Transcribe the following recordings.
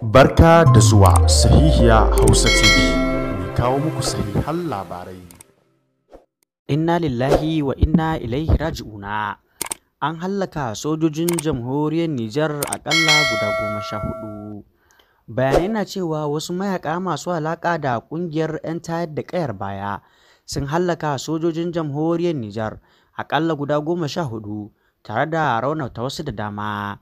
Barka da zuwa sahihiya Hausa TV, mai kawo muku sahihan labarai. Inna lillahi wa inna ilaihi raji'una. An hallaka sojojin jamhuriyar Nijar aƙalla guda goma sha hudu. Bayanai na cewa wasu mayaƙa masu alaƙa da ƙungiyar 'yan tayar da kayar baya sun hallaka sojojin jamhuriyar Nijar aƙalla guda goma sha hudu tare da raunata wasu da dama.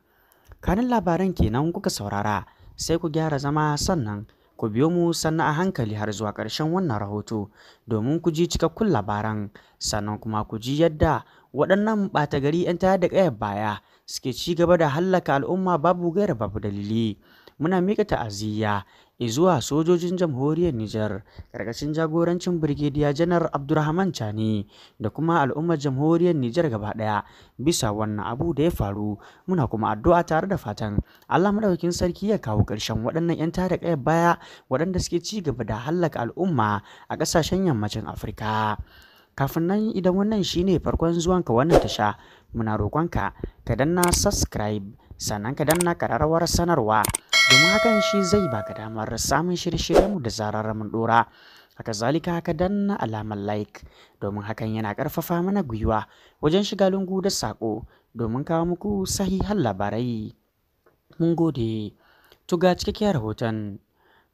Kanin labaran kenan kuka saurara. sai ku gyara zama sannan ku biyo mu sannan a hankali har zuwa ƙarshen wannan rahoto domin ku ji cikakkun labaran sannan kuma ku ji yadda waɗannan ɓata gari 'yan tayar da ƙayar baya suke ci gaba da hallaka al'umma babu gaira babu dalili muna miƙa ta'aziyya izuwa sojojin jamhuriyar Nijar ƙarƙashin jagorancin Birgediya Janar Abdurrahman Chani da kuma al'ummar jamhuriyar Nijar gaba ɗaya bisa wannan abu da ya faru muna kuma addu'a tare da fatan Allah madaukakin sarki ya kawo ƙarshen waɗannan 'yan tare kai baya waɗanda suke ci gaba da hallaka al'umma a ƙasashen yammacin Afirka. kafin nan idan wannan shine farkon zuwan zuwanka wannan tasha muna roƙonka ka danna subscribe sannan ka danna ƙararrawar sanarwa domin hakan shi zai baka damar samun shirye-shiryenmu da zarar mun dora haka zalika ka danna alamar like domin hakan yana ƙarfafa mana gwiwa wajen shiga lungu da saƙo domin kawo muku sahihan labarai mun gode tuga cikakkiyar rahoton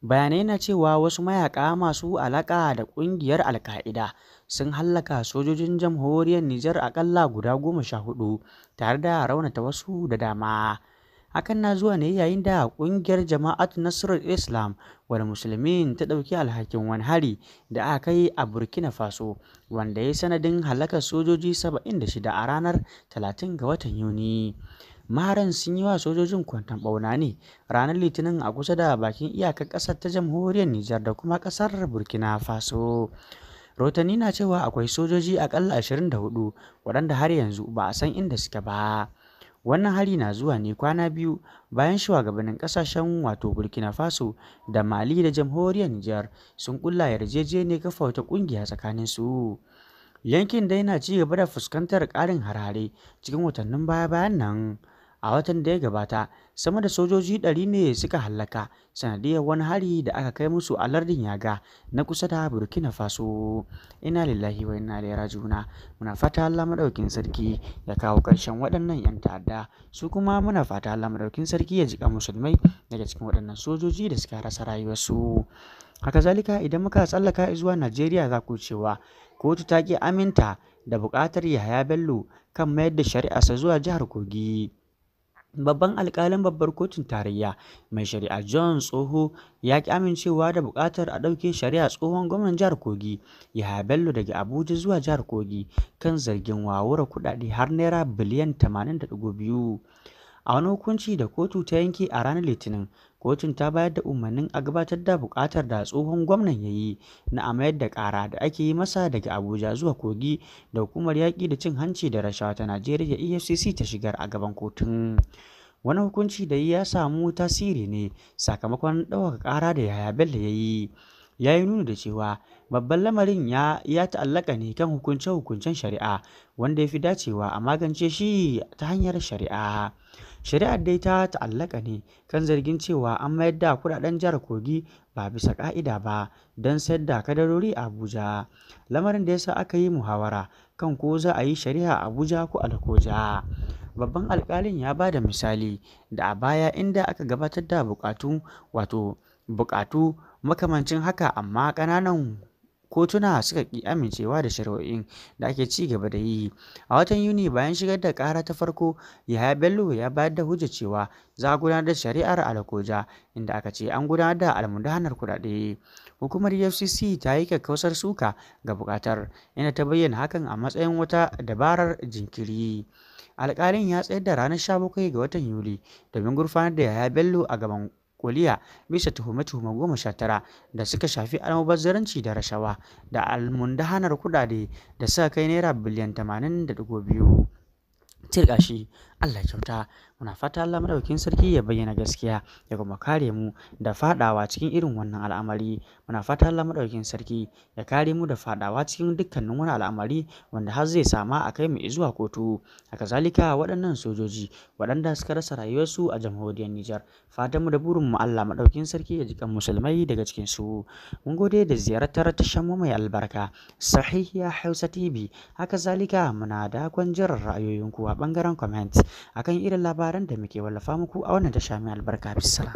bayanai na cewa wasu mayaka masu alaƙa da ƙungiyar alka'ida sun hallaka sojojin jamhuriyar nijar akalla guda goma sha hudu tare da raunata wasu da dama hakan na zuwa ne yayin da ƙungiyar Jama'atu nasarar islam wal musulmin ta ɗauki alhakin wani hari da aka kai a burkina faso wanda ya sanadin halakar sojoji 76 a ranar 30 ga watan yuni maharan sun yi wa sojojin kwantan ɓauna ne ranar litinin a kusa da bakin iyakar ƙasar ta jamhuriyar nijar da kuma ƙasar burkina faso Rotani na cewa akwai sojoji akalla 24 waɗanda har yanzu ba a san inda suke ba wannan hari na zuwa ne kwana biyu bayan shugabannin kasashen wato burkina faso da mali da jamhuriyar nijar sun kulla yarjejeniyar kafa wata kungiya tsakanin su yankin dai na ci gaba da fuskantar ƙarin harare cikin watannin baya-bayan nan a watan da ya gabata sama da sojoji ɗari ne suka hallaka sanadiyar wani hari da aka kai musu a lardin yaga na kusa da burkina faso ina lillahi wa ina ilaihi juna muna fata allah madaukin sarki ya kawo ƙarshen waɗannan yan ta'adda su kuma muna fata allah madaukin sarki ya jika musulmai daga cikin waɗannan sojoji da suka rasa rayuwarsu haka zalika idan muka tsallaka zuwa najeriya za ku cewa kotu ta ki aminta da buƙatar yahaya bello kan mayar da shari'arsa zuwa jihar kogi babban alkalin babbar kotun tarayya mai shari'a john tsoho ya ki amincewa da bukatar a ɗauke shari'a tsohon gwamnan jihar kogi yahaya bello daga abuja zuwa jihar kogi kan zargin wawura kuɗaɗe har naira biliyan 80.2 a wani hukunci da kotu ta yanke a ranar litinin kotun ta bayar da umarnin a gabatar da bukatar da tsohon gwamnan ya yi na a mayar da kara da ake yi masa daga abuja zuwa kogi da hukumar yaƙi da cin hanci da rashawa ta najeriya efcc ta shigar a gaban kotun wani hukunci da ya samu tasiri ne sakamakon ɗaukaka kara da yaya bello ya yi ya yi nuna da cewa babban lamarin ya, ya ta'allaka ne kan hukunce-hukuncen shari'a wanda ya fi dacewa a magance shi ta hanyar shari'a Shari'ar dai ta ta'allaka ne kan zargin cewa an mayar da kuɗaɗen Jihar Kogi ba bisa ƙa'ida ba don sayar da kadarori a Abuja, lamarin da ya sa aka yi muhawara kan ko za a yi shari'a a Abuja ko a Lokoja. Babban alƙalin ya ba da misali da a baya inda aka gabatar da wato buƙatu makamancin haka amma ƙananan kotuna suka ƙi amincewa da shari'o'in da ake ci gaba da yi a watan yuni bayan shigar da ƙara ta farko yahaya bello ya bayar da hujja cewa za a gudanar da shari'ar alakoja inda aka ce an gudanar da almudanar kuɗaɗe hukumar e fcc ta yi kakkausar suka ga buƙatar inda ta bayyana hakan a matsayin wata dabarar jinkiri alƙalin ya tsayar da ranar 17 ga watan yuli domin gurfanar da yahaya bello a gaban koliya bisa tuhume-tuhume goma sha tara da suka shafi almubazzaranci da rashawa da almundahanar kuɗaɗe da sa kai naira biliyan tamanin da digo biyu. Allah kyauta muna fata Allah madaukakin sarki ya bayyana gaskiya ya kuma kare mu da fadawa cikin irin wannan al'amari muna fata Allah madaukakin sarki ya kare mu da fadawa cikin dukkanin wani al'amari wanda har zai sama a kai mu zuwa kotu haka zalika waɗannan sojoji waɗanda suka rasa rayuwarsu a jamhuriyar Nijar fatan mu da burin mu Allah madaukakin sarki ya jikan musulmai daga cikin su mun gode da ziyartar tashar mu mai albarka sahihiya Hausa TV haka zalika muna da kwanjirar ra'ayoyinku a bangaren comment akan irin labarin labaran da muke wallafa muku a wannan tasha mai albarka bisala.